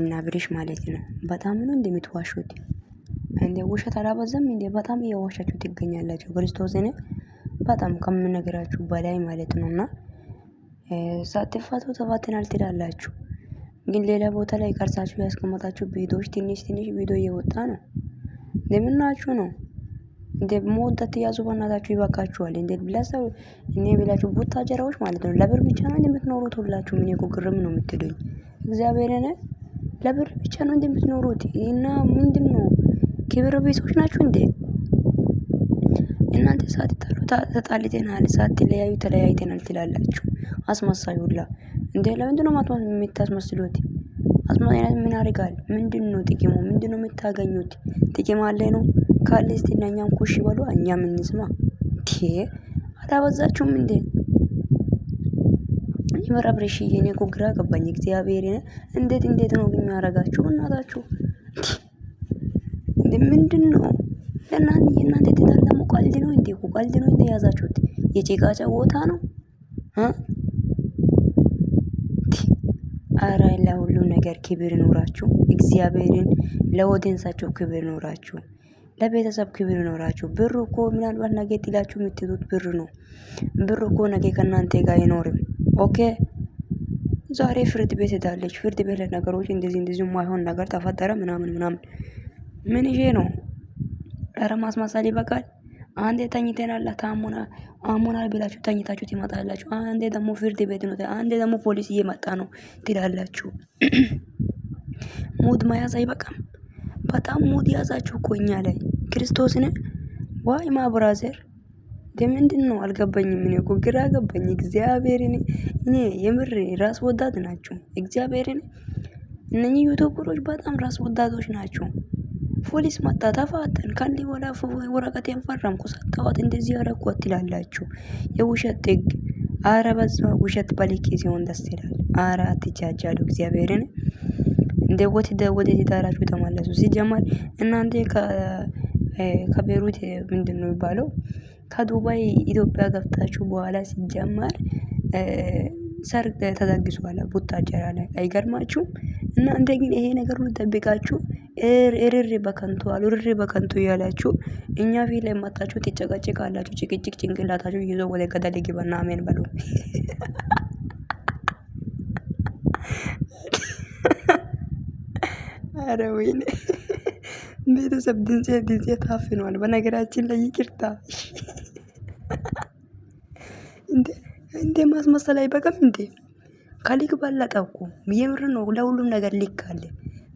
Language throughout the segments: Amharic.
እና ብሬሽ ማለት ነው። በጣም ነው እንደምትዋሹት እንደ ውሸት አላበዛም እንዴ? በጣም እየዋሻችሁ ትገኛላችሁ። ክርስቶስን በጣም ከምነገራችሁ በላይ ማለት ነው። እና ሳትፋቱ ተፋትናል ትላላችሁ፣ ግን ሌላ ቦታ ላይ ቀርሳችሁ ያስቀመጣችሁ ቪዲዮዎች ትንሽ ትንሽ ቪዲዮ እየወጣ ነው። እንደምናችሁ ነው እንደ ሞት ያዙ፣ በእናታችሁ ይበቃችኋል። እንዴት ብላሰው እኔ ብላችሁ ጀራዎች ማለት ነው። ለብር ብቻ ነው እንደምትኖሩት ሁላችሁ። ምን ግርም ነው የምትሉኝ እግዚአብሔርን ለብር ብቻ ነው እንደምትኖሩት እና ምንድን ነው ክብር ቤቶች ናችሁ እንዴ? እናንተ ሳትጣሉ ተጣልተናል፣ ሳትለያዩ ተለያይተናል ትላላችሁ። አስመሳይ ሁላ እንዴ! ለምንድን ነው ማትማት የምታስመስሉት? አስመሳይነት ምን አርጋል? ምንድን ነው ጥቅሙ? ምንድን ነው የምታገኙት? ጥቅም አለ ነው ካለ እስቲ እኛም ኩሽ በሉ እኛም እንስማ። ቴ አላበዛችሁም እንዴ? ቢመር አብሬሽዬ እየኔ እኮ ግራ ገባኝ። እግዚአብሔር እንዴት እንዴት ነው ግን የሚያደርጋችሁ? እናታችሁ እንዴ ምንድን ነው ለእናንተ የእናንተ ትዳር ደግሞ ቀልድ ነው እንዴ? ቀልድ ነው የተያዛችሁት? የጭቃ ጨዋታ ነው። አረ ለሁሉም ነገር ክብር ኖራችሁ እግዚአብሔርን ለወደንሳችሁ ክብር ኖራችሁ ለቤተሰብ ክብር ኖራችሁ። ብር እኮ ምናልባት ነገ ጥላችሁ የምትሉት ብር ነው። ብር እኮ ነገ ከእናንተ ጋር አይኖርም። ኦኬ ዛሬ ፍርድ ቤት ሄዳለች። ፍርድ ቤት ለነገሮች እንደዚህ እንደዚህ የማይሆን ነገር ተፈጠረ ምናምን ምናምን። ምን ይሄ ነው? ኧረ ማስመሰል ይበቃል። አንዴ ተኝተናል ታሞና አሞናል ብላችሁ ተኝታችሁ ትመጣላችሁ። አንዴ ደግሞ ፍርድ ቤት ነው፣ አንዴ ደግሞ ፖሊስ እየመጣ ነው ትላላችሁ። ሙድ መያዝ አይበቃም? በጣም ሙድ ያዛችሁ እኮ እኛ ላይ ክርስቶስን ዋይ ማብራዘር ነው አልገባኝም። እኔ እኮ ግራ ገባኝ። እግዚአብሔርን እኔ እኔ የምር ራስ ወዳድ ናቸው። እግዚአብሔርን እነኚህ ዩቲዩበሮች በጣም ራስ ወዳዶች ናቸው። ፖሊስ መጣ ተፋተን ከአንድ ወላ ወረቀት ያንፈረምኩ ሰጠዋት እንደዚህ ያረኳት ይላላችሁ። የውሸት ህግ አረ በዛ ውሸት በልኬ ሲሆን ደስ ይላል። አረ አትቻቻሉ እግዚአብሔርን እንደ ወት ወደ ትዳራችሁ ተመለሱ። ሲጀመር እናንተ ከቤሩት ምንድን ነው የሚባለው ከዱባይ ኢትዮጵያ ገብታችሁ በኋላ ሲጀመር ሰርግ ተደግሷል ቡታጀራ ላይ አይገርማችሁም? እናንተ ግን ይሄ ነገር ሁሉ ጠብቃችሁ እርር በከንቱ አሉ እርር በከንቱ እያላችሁ እኛ ፊት ላይ መጣችሁ ትጨቀጭቃላችሁ። ጭቅጭቅ ጭንቅላታችሁ ይዞ ወደ ገደል ግባና አሜን በሉ። አረ ወይኔ ቤተሰብ ድምፄ ድምፄ ታፍኗል። በነገራችን ላይ ይቅርታ እንዴ ማስመሰል አይበቃም እንዴ? ከሊክ በለጠ እኮ የምር ነው። ለሁሉም ነገር ሊክ አለ።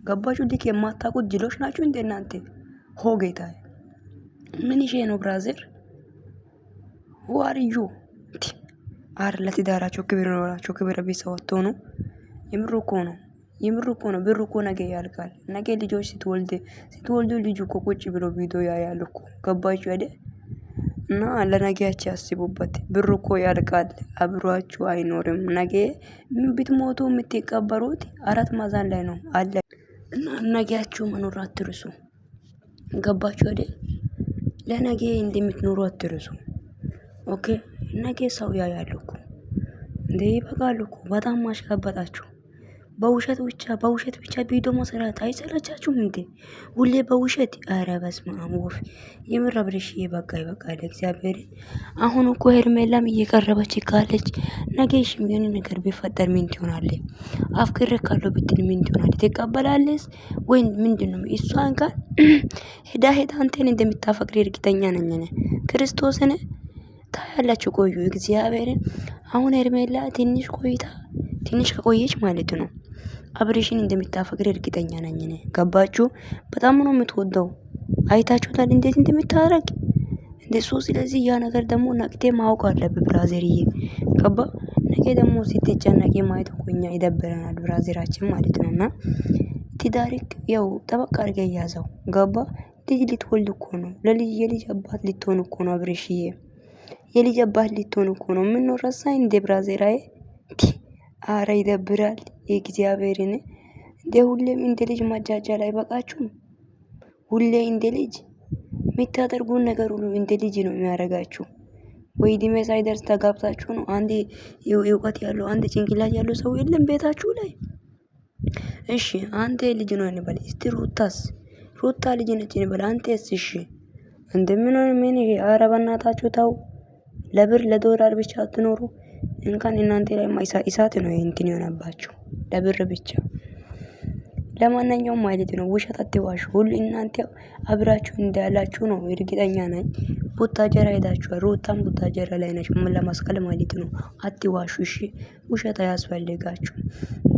ገባችሁ? ሊክ የማታውቁት ጅሎች ናችሁ እንዴ እናንተ? ሆ ጌታ ምን ይሄ ነው ብራዘር? ዋርዩ አር ለትዳራችሁ ክብር ኖራችሁ ክብር ቢስ ወጥቶ ነው። የምር እኮ ነው። የምር እኮ ነው። ብር እኮ ነገ ያልቃል። ነገ ልጆች ስትወልድ ስትወልዱ ልጅ እኮ ቁጭ ብሎ ቪዲዮ ያያል እኮ ገባችሁ አይደል? እና ለነገያችሁ ያስቡበት። ብሩ እኮ ያልቃል፣ አብሯችሁ አይኖርም። ነገ ብትሞቱ የምትቀበሩት አራት ማዕዘን ላይ ነው አለ እና ነገያችሁ መኖር አትርሱ። ገባችሁ ወደ ለነገ እንደምትኖሩ አትርሱ። ኦኬ ነገ ሰው ያያሉ እኮ እንዴ ይበቃሉ እኮ በጣም ማሽከበጣችሁ። በውሸት ብቻ በውሸት ብቻ ቪዲዮ መስራት አይሰለቻችሁም እንዴ? ሁሌ በውሸት አረ በስመ አብ ወፍ የምር አብርሽዬ በቃ ይበቃል። እግዚአብሔር አሁን እኮ ሄርሜላም እየቀረበች ካለች ነገሽ የሆነ ነገር ቢፈጠር ምን ትሆናለ? አፍቅሬ ካለው ብትል ምን ትሆናለ? ትቀበላለስ ወይ ምንድነው? እሷን ጋር ሄዳ ሄዳ አንተን እንደምታፈቅር እርግጠኛ ነኝ እኔ ክርስቶስን ታያላችሁ። ቆዩ እግዚአብሔርን አሁን ሄርሜላ ትንሽ ቆይታ ትንሽ ከቆየች ማለት ነው አብሬሽን እንደምታፈቅር እርግጠኛ ነኝ። እኔ ገባችሁ? በጣም ነው የምትወደው። አይታችሁታል እንዴት እንደምታረግ እንደሱ። ስለዚህ ያ ነገር ደግሞ ነቅቴ ማወቅ አለብህ ብራዘርዬ። ገባ? ነገ ደግሞ ስትጨነቂ ማየት ኮኛ ይደብረናል ብራዘራችን ማለት ነው። ነውና ትዳሪክ ያው ጠበቅ አድርገ እያዘው ገባ? ልጅ ልትወልድ እኮ ነው። ለልጅ የልጅ አባት ልትሆን እኮ ነው አብሬሽዬ። የልጅ አባት ልትሆን እኮ ነው። ምን ነው ረሳኝ እንዴ ብራዘራዬ? አረ ይደብራል። የእግዚአብሔርን እንደ ሁሌም እንደ ልጅ ማጃጃ ላይ አይበቃችሁም? ሁሌ እንደ ልጅ የምታደርጉን ነገር ሁሉ እንደ ልጅ ነው የሚያደርጋችሁ። ወይ እድሜ ሳይደርስ ተጋብታችሁ ነው። አንድ እውቀት ያለው አንድ ጭንቅላት ያለው ሰው የለም ቤታችሁ ላይ። እሺ አንተ ልጅ ነው እንበል እስቲ። ሩታስ ሩታ ልጅ ነች እንበል። አንተስ? እሺ እንደምን ምን? ኧረ በእናታችሁ ተው። ለብር ለዶላር ብቻ አትኖሩ። እንኳን እናንተ ላይ እሳት ነው እንትን የሆነባችሁ ለብር ብቻ ለማንኛውም ማለት ነው። ውሸት አትዋሹ። ሁሉ እናንተ አብራችሁ እንዳላችሁ ነው እርግጠኛ ነኝ። ቡታጀራ ሄዳችኋል። ሩታም ቡታጀራ ላይ ነች ለማስቀል ማለት ነው። አትዋሹ እሺ። ውሸት አያስፈልጋችሁ።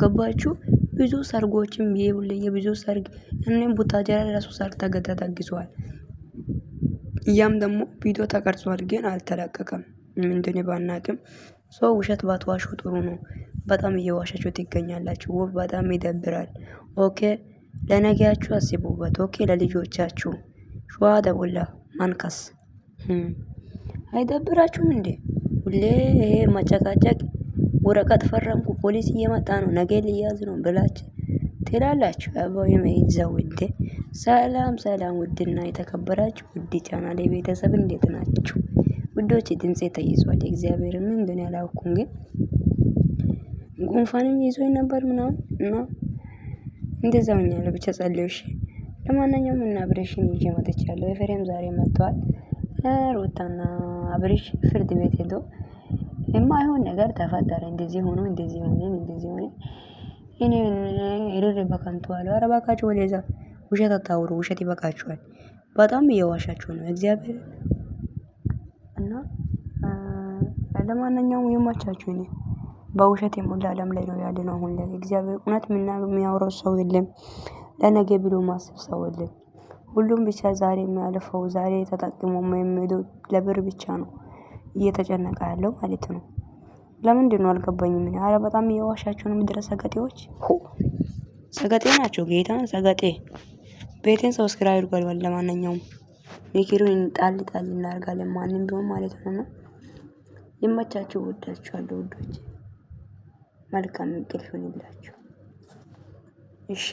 ገባችሁ? ብዙ ሰርጎችም የብዙ ሰርግ እኔም ቡታጀራ ራሱ ሰርግ ተገዳ ተግዟል። ያም ደግሞ ቪዲዮ ተቀርጿል፣ ግን አልተለቀቀም። ምንድን ባናቅም ሶ ውሸት ባትዋሹ ጥሩ ነው። በጣም እየዋሻችሁ ትገኛላችሁ። ውብ በጣም ይደብራል። ኦኬ ለነገያችሁ አስቡበት። ኦኬ ለልጆቻችሁ ሸዋ ደውላ ማንከስ አይደብራችሁም እንዴ? ሁሌ ይሄ መጨቃጨቅ ወረቀት ፈረምኩ ፖሊስ እየመጣ ነው ነገ ልያዝ ነው ብላችሁ ትላላችሁ። አባዊ ይዘው እንዴ ሰላም ሰላም፣ ውድና የተከበራችሁ ውድ ቻናል ቤተሰብ እንዴት ናችሁ? ውዶች ድምጼ ተይዟል። እግዚአብሔር ምን እንደሆነ አላውኩም፣ ግን ጉንፋንም ይዞኝ ነበር ምናምን እና እንደዛው ኛለ ብቻ ጸልዮሽ። ለማንኛውም እና አብሬሽን ይዤ መጥቻለሁ። ኤፍሬም ዛሬ መጥቷል። ሩታና አብሬሽ ፍርድ ቤት ሄዶ የማይሆን ነገር ተፈጠረ። እንደዚህ ሆኖ እንደዚህ ሆነ እንደዚህ ሆነ። እኔ እርር በከንቱ አለ። ኧረ እባካችሁ ወደዛ ውሸት አታውሩ፣ ውሸት ይበቃችኋል። በጣም እየዋሻችሁ ነው እግዚአብሔር እና ለማንኛውም የማቻችሁ ነው። በውሸት የሞላ ዓለም ላይ ነው ያለ ነው አሁን ላይ። እግዚአብሔር እውነት የሚያወራው ሰው የለም፣ ለነገ ብሎ ማሰብ ሰው የለም። ሁሉም ብቻ ዛሬ የሚያልፈው ዛሬ ተጠቅሞ የሚሄደው ለብር ብቻ ነው እየተጨነቀ ያለው ማለት ነው። ለምንድን ነው አልገባኝም። ምን አረ በጣም የዋሻቸው ነው ምድረ ሰገጤዎች ሰገጤ ናቸው። ጌታን ሰገጤ ቤቴን ሰብስክራይብ አድርጓል። ለማንኛውም የኪሩን ጣል ጣል እናደርጋለን። ማንም ቢሆን ማለት ነው። እና ይመቻችሁ። ወዳችኋለሁ ውዶች። መልካም እንቅልፍ ይሁንላችሁ። እሺ